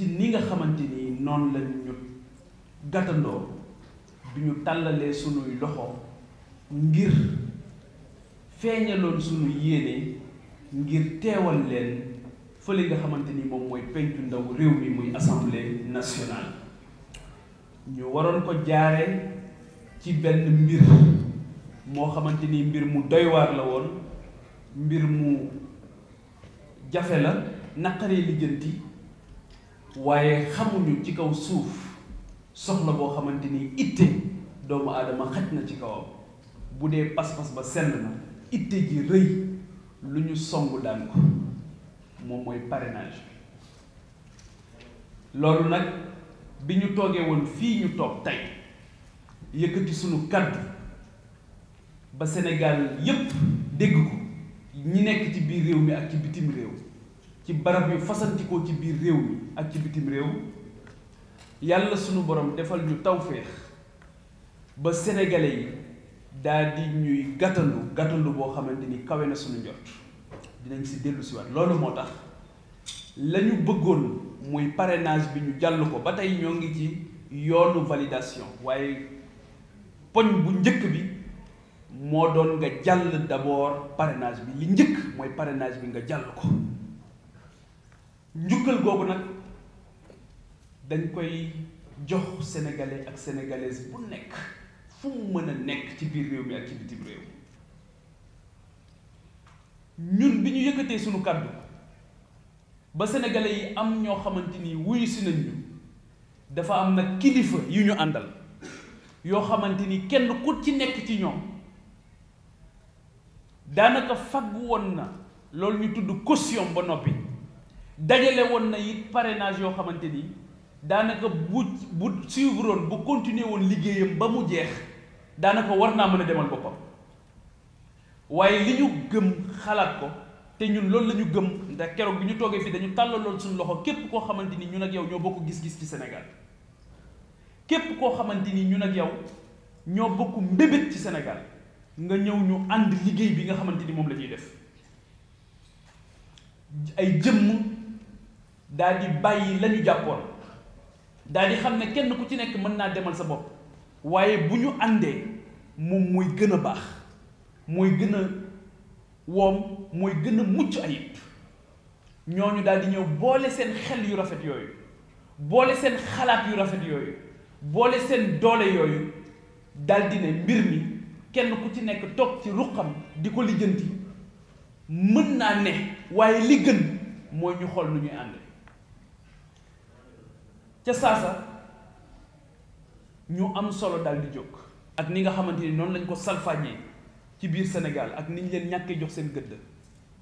ci ni nga xamante ni noonu lañu ñu gàttandoo bi ñu tàllalee sunuy loxo ngir feeñaloon sunu yéene ngir teewal leen fële nga xamante ni moom mooy pencu ndaw réew mi muy assemblée nationale ñu waroon ko jaare ci benn mbir moo xamante ni mbir mu doy la woon mbir mu jafe la naqaree lijjanti waaye xamuñu ci kaw suuf soxla boo xamante ni itte doomu aadama xaj na ci kawam bu dee pas-pas ba sell na itte ji rëy lu ñu song daan ko moom mooy parrainage loolu nag bi ñu toogee woon fii ñu toog tey yëkkati sunu kàddu ba Sénégal yëpp dégg ko ñi nekk ci biir réew mi ak ci bitim réew ci barab yu fasantikoo ci biir réew mi ak ci bitim réew yàlla sunu borom defal ñu tawféex ba sénégalais yi daal di ñuy gàttandu gàttandu boo xamante ni kawe na sunu njot dinañ si dellu si waat loolu moo tax la ñu bëggoon muy parrainage bi ñu jàll ko ba tey ñoo ngi ci yoonu validation waaye poñ bu njëkk bi moo doon nga jàll d'abord parrainage bi li njëkk mooy parrainage bi nga jàll ko njukkal googu nag dañ koy jox sénégalais ak sénégalaise bu nekk fu mën a nekk ci biir réew mi ak ci bitim réew ñun bi ñu yëkkatee suñu kàddu ba sénégalais yi am ñoo xamante ni wuyu nañ ñu dafa am na kilifa yu ñu àndal yoo xamante ni kenn kut ci nekk ci ñoom daanaka fagg woon na loolu ñu tudd caution ba noppi dajale woon na it parrainage yoo xamante ni. daanaka bu bu suivre bu continuer woon liggéeyam ba mu jeex daanaka war naa mën a demal boppam waaye li ñu gëm xalaat ko te ñun loolu lañu gëm ndax keroog bi ñu toogee fii dañu tàllaloon suñu loxo képp koo xamante ni ñun ak yow ñoo bokk gis-gis ci senegal képp koo xamante ni ñun ak yow ñoo bokk mbébét ci senegal nga ñëw ñu ànd liggéey bi nga xamante ni moom la ñuy def ay jëmm daal di bàyyi la ñu daal xam ne kenn ku ci nekk mën naa demal sa bopp waaye bu ñu àndee moom mooy gën a baax mooy gën a woom mooy gën a mucc ayib ñooñu daal di ñëw boole seen xel yu rafet yooyu boole seen xalaat yu rafet yooyu boole seen doole yooyu daldi ne mbir mi kenn ku ci nekk toog ci ruqam di ko lijjanti mën naa ne waaye li gën mooy ñu xool nu ñuy ànd ca saasa ñu am solo daal di jóg ak ni nga xamante ni noonu lañ ko salfaañee ci biir Sénégal ak ni leen ñàkkee jox seen gëdd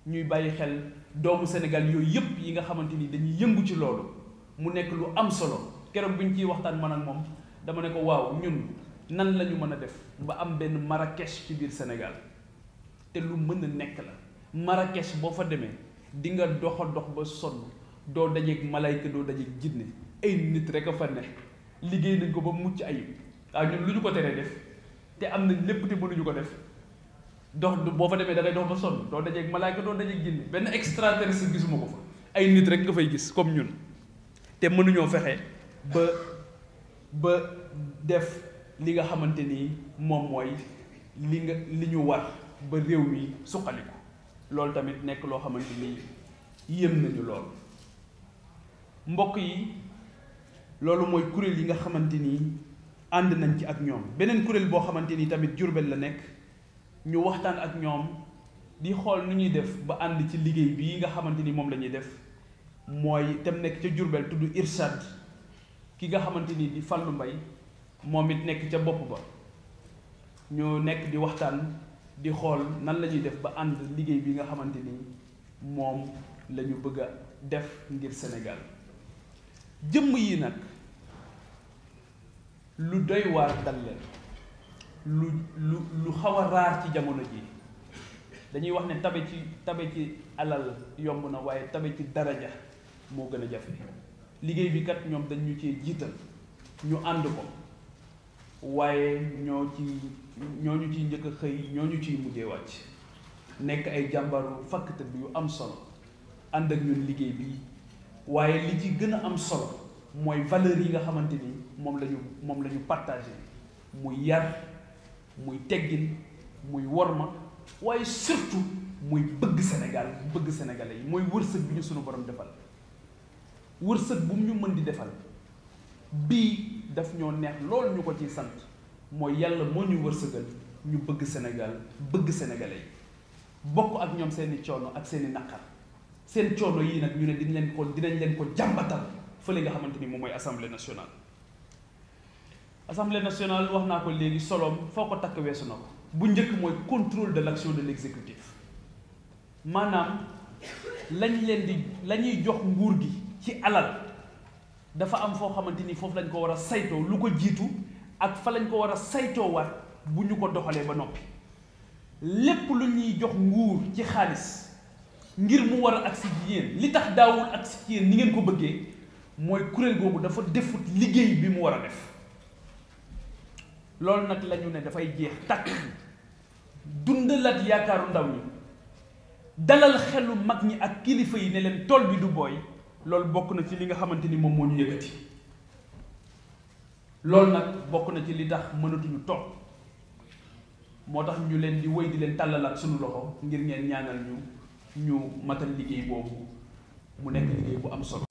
ñuy bàyyi xel doomu Sénégal yooyu yëpp yi nga xamante ni dañuy yëngu ci loolu mu nekk lu am solo keroog bi ñu ciy waxtaan man ak moom dama ne ko waaw ñun nan la ñu mën a def ba am benn Marrakech ci biir Sénégal te lu mën a nekk la Marrakech boo fa demee di nga doxa dox ba sonn doo dajeeg malayka doo dajeeg jinne ay nit rek a fa ne liggéey nañ ko ba mucc ayib waaw ñun lu ñu ko teree def te am nañ lépp te mënuñu ko def dox boo fa demee da ngay dox ba sonn doo dajeeg malaaka doo dajeeg jinne benn extraterrestre gisuma ko fa ay nit rek nga fay gis comme ñun te mënuñoo fexe ba ba def li nga xamante ni moom mooy li nga li ñu war ba réew mi suqaliku loolu tamit nekk loo xamante ni yéem nañu lool mbokk yi loolu mooy kuréel yi nga xamante ni ànd nañ ci ak ñoom beneen kuréel boo xamante ni tamit Jurbel la nekk ñu waxtaan ak ñoom di xool nu ñuy def ba ànd ci liggéey bii nga xamante ni moom la ñuy def mooy tam nekk ca Jurbel tudd Irsad ki nga xamante ni di Fallou Mbay moom it nekk ca bopp ba ñu nekk di waxtaan di xool nan la ñuy def ba ànd liggéey bi nga xamante ni moom lañu ñu bëgg a def ngir senegal jëmm yi nag lu doy waar dal lu lu lu xaw a raar ci jamono ji dañuy wax ne tabe ci tabe ci alal yomb na waaye tabe ci daraja moo gën a jafe liggéey bi kat ñoom dañ ñu jiital ñu ànd ko waaye ñoo ci ñoo ñu ciy njëkk xëy ñoo ñu ciy mujjee wàcc nekk ay jàmbaru fakk tëdd yu am solo ànd ak ñun liggéey bi waaye li ci gën a am solo mooy valeurs yi nga xamante ni moom lañu ñu moom la ñu partagé muy yar muy teggin muy worma waaye surtout muy bëgg Sénégal bëgg sénégalais yi mooy wërsëg bi ñu sunu borom defal wërsëg bu mu ñu mën di defal bii daf ñoo neex lool ñu ko ci sant mooy yàlla moo ñu wërsëgal ñu bëgg Sénégal bëgg sénégalais yi bokk ak ñoom seeni coono ak seeni naqar seen coono yii nag ñu ne dinañ leen ko dinañ leen ko jàmbatal fële nga xamante ni moom mooy assemblée nationale. assemblée nationale wax naa ko léegi soloom foo ko takk weesu na ko bu njëkk mooy contrôle de l' de l' exécutif maanaam lañ leen di lañuy jox nguur gi ci alal dafa am foo xamante ni foofu lañ ko war a saytoo lu ko jiitu ak fa lañ ko war a saytoowaat bu ñu ko doxalee ba noppi lépp lu ñuy jox nguur ci xaalis ngir mu war a agsi ci li tax daawul agsi ci yéen ni ngeen ko bëggee mooy kuréel googu dafa defut liggéey bi mu war a def loolu nag lañu ne dafay jeex tàkk dundalaat yaakaaru ndaw ñi dalal xelu mag ñi ak kilifa yi ne leen tool bi du booy loolu bokk na ci li nga xamante ni moom moo ñu yëkkati loolu nag bokk na ci li tax mënatuñu toog moo tax ñu leen di wéy di leen tàllalaat suñu loxo ngir ngeen ñaanal ñu ñu matal liggéey boobu mu nekk liggéey bu am solo